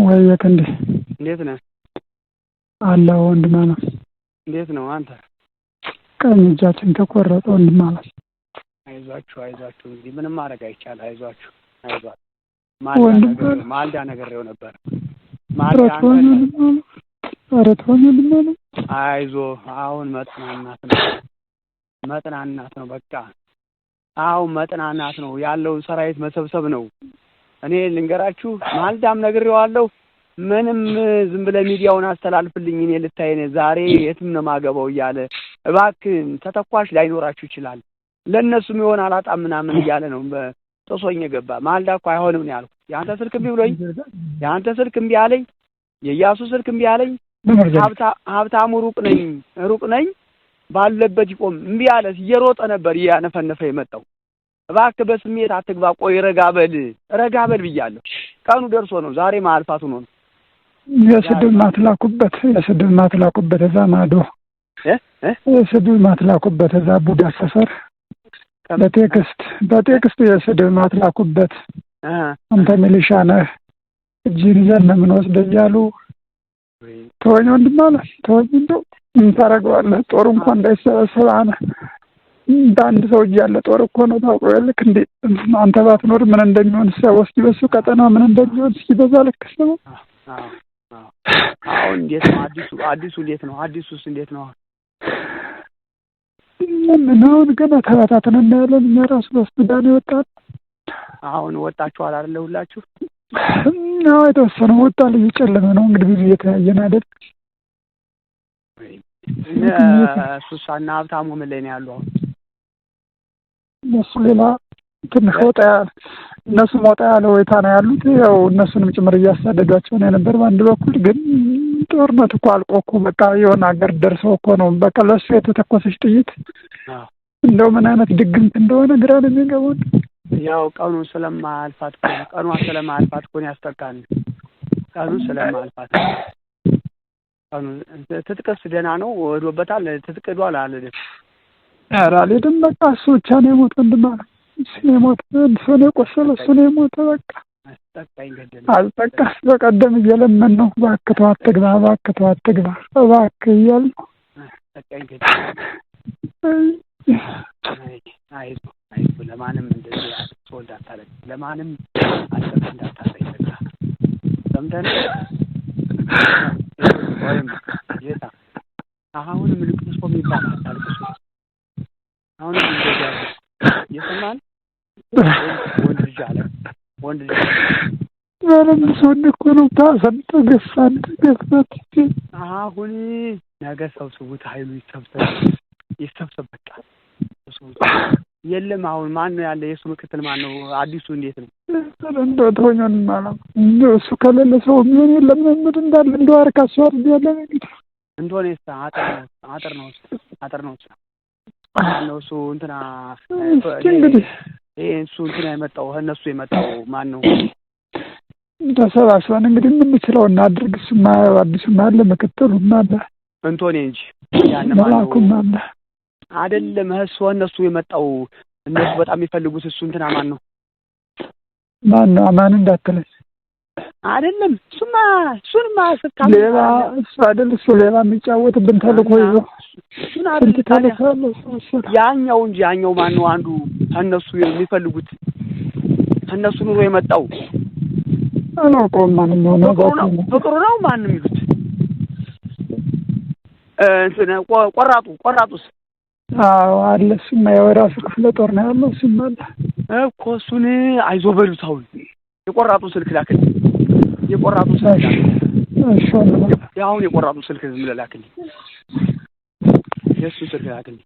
ወይ እንዴ እንዴት ነህ? አለሁ ወንድማማች። እንዴት ነው አንተ? ቀኝ እጃችን ተቆረጠ ወንድማማች። አይዟችሁ አይዟችሁ፣ እንግዲህ ምንም ማድረግ አይቻል። አይዟችሁ አይዟችሁ። ማልዳ ነግሬው ነበር። ማልዳ ወንድማማች፣ አይዞህ። አሁን መጥናናት ነው መጥናናት ነው። በቃ አሁን መጥናናት ነው ያለውን ሰራዊት መሰብሰብ ነው እኔ ልንገራችሁ ማልዳም ነግሬዋለሁ። ምንም ዝም ብለህ ሚዲያውን አስተላልፍልኝ እኔ ልታይ ነኝ ዛሬ የትም ነው ማገባው እያለ እባክህን ተተኳሽ ላይኖራችሁ ይችላል ለእነሱም የሆን አላጣ ምናምን እያለ ነው ጥሶኝ የገባ ማልዳ እኮ አይሆንም ነው ያልኩት። የአንተ ስልክ እምቢ ብሎኝ የአንተ ስልክ እምቢ አለኝ፣ የእያሱ ስልክ እምቢ አለኝ። ሀብታሙ ሩቅ ነኝ ሩቅ ነኝ ባለበት ይቆም እምቢ አለ። እየሮጠ ነበር እያነፈነፈ የመጣው እባክህ በስሜት አትግባ። ቆይ ረጋ በል ረጋ በል ብያለሁ። ቀኑ ደርሶ ነው ዛሬ ማልፋቱ ነው። የስድብ ማትላኩበት የስድብ ማትላኩበት እዛ ማዶ የስድብ ማትላኩበት እዛ ቡዳ ሰፈር በቴክስት በቴክስት የስድብ ማትላኩበት አንተ ሚሊሻ ነህ እጅን ይዘን ነው የምንወስደ እያሉ ተወኝ ወንድም አለ ተወኝ እንደው ምን ታደርገዋለህ? ጦሩ እንኳን እንዳይሰበሰብ አነ በአንድ ሰው እጅ ያለ ጦር እኮ ነው ታውቆ ልክ እንዴ አንተ ባትኖር ምን እንደሚሆን ሲያወስ በሱ ቀጠና ምን እንደሚሆን ሲበዛ ልክ ሰው አሁን እንዴት ነው አዲሱ አዲሱ እንዴት ነው አዲሱስ እንዴት ነው? ምን አሁን ገና ተበታተን እናያለን። እኛ ራሱ በሱዳን ይወጣል። አሁን ወጣችኋል አይደለ? ሁላችሁ አዎ፣ የተወሰነ ወጣል። እየጨለመ ነው እንግዲህ ብዙ እየተያየን አይደል? ሱሳና ሀብታሙ ምን ላይ ነው ያሉ አሁን? እነሱ ሌላ ትንሽ ወጣ ያለ እነሱም ወጣ ያለ ሁኔታ ነው ያሉት። ያው እነሱንም ጭምር እያሳደዷቸው ነው የነበር። በአንድ በኩል ግን ጦርነት እኮ አልቆ እኮ በቃ የሆነ ሀገር ደርሶ እኮ ነው በቃ ለእሱ የተተኮሰች ጥይት እንደው ምን አይነት ድግምት እንደሆነ ግራ ነው የሚገቡን። ያው ቀኑ ስለማያልፋት ቀኑ ቀኗ ስለማያልፋት እኮ ያስጠቃል። ቀኑ ስለማያልፋት ቀኑ ትጥቅስ ደህና ነው ወዶበታል። ትጥቅዷል ዷል አለ ኧረ አልሄድም። በቃ እሱ ብቻ ነው የሞተ ወንድማ ነው። እሱ ነው የሞተ፣ እሱ ነው የቆሰለ፣ እሱ ነው የሞተ። በቃ አስጠቃሽ። በቀደም እየለመን ነው እባክህ ተው አትግባ፣ እባክህ ተው አትግባ፣ እባክህ እያል ነው። ለማንም ለማንም ሰምተን አሁንም ልቅሶ የሚባል አታልቅሱ አሁን እንደዛ የሰማን ወንድ ልጅ አለ ወንድ ልጅ ምንም ሰውን እኮ ነው ታሰን ተገፋን ተገፋት አሁን ነገ ሰብስቡት ኃይሉ ይሰብሰብ ይሰብሰብ በቃ የለም አሁን ማን ነው ያለ የእሱ ምክትል ማን ነው አዲሱ እንዴት ነው እንደ ተወኛን ማለት ነው እሱ ከሌለ ሰው ምን የለም ምን እንዳለ እንደው አርካሱ አርግ ያለ እንደሆነ አጥር ነው አጥር ነው አጥር ነው ማነው እሱ እንትና እንግዲህ ይሄ እሱ እንትና የመጣው እነሱ የመጣው ማን ነው? ተሰባስበን እንግዲህ የምንችለው እናድርግ። እሱማ አዲሱም አለ ምክትሉም አለ እንቶኔ እንጂ መላኩም አለ አይደለም። እሱ እነሱ የመጣው እነሱ በጣም የሚፈልጉት እሱ እንትና ማን ነው? ማን ነው? አማን እንዳትለኝ አይደለም እሱማ እሱንማ ስታ ሌላ እሱ አይደል እሱ ሌላ የሚጫወትብን ተልኮ ይዞ ስንት ተልኮ ያኛው እንጂ ያኛው ማን ነው አንዱ ከእነሱ የሚፈልጉት ከእነሱ ኑሮ የመጣው አላውቀውም ማንም ሆነ ፍቅሩ ነው ማንም የሚሉት እንትን ቆራጡ ቆራጡስ አዎ አለ እሱማ ያው ክፍለ ጦር ነው ያለው እሱማ አለ እኮ እሱን አይዞህ በሉት አሁን የቆራጡን ስልክ ላክልኝ የቆራጡ ስልክ አሁን የቆራጡ ስልክ ዝም ብለህ ላክልኝ የእሱን ስልክ ላክልኝ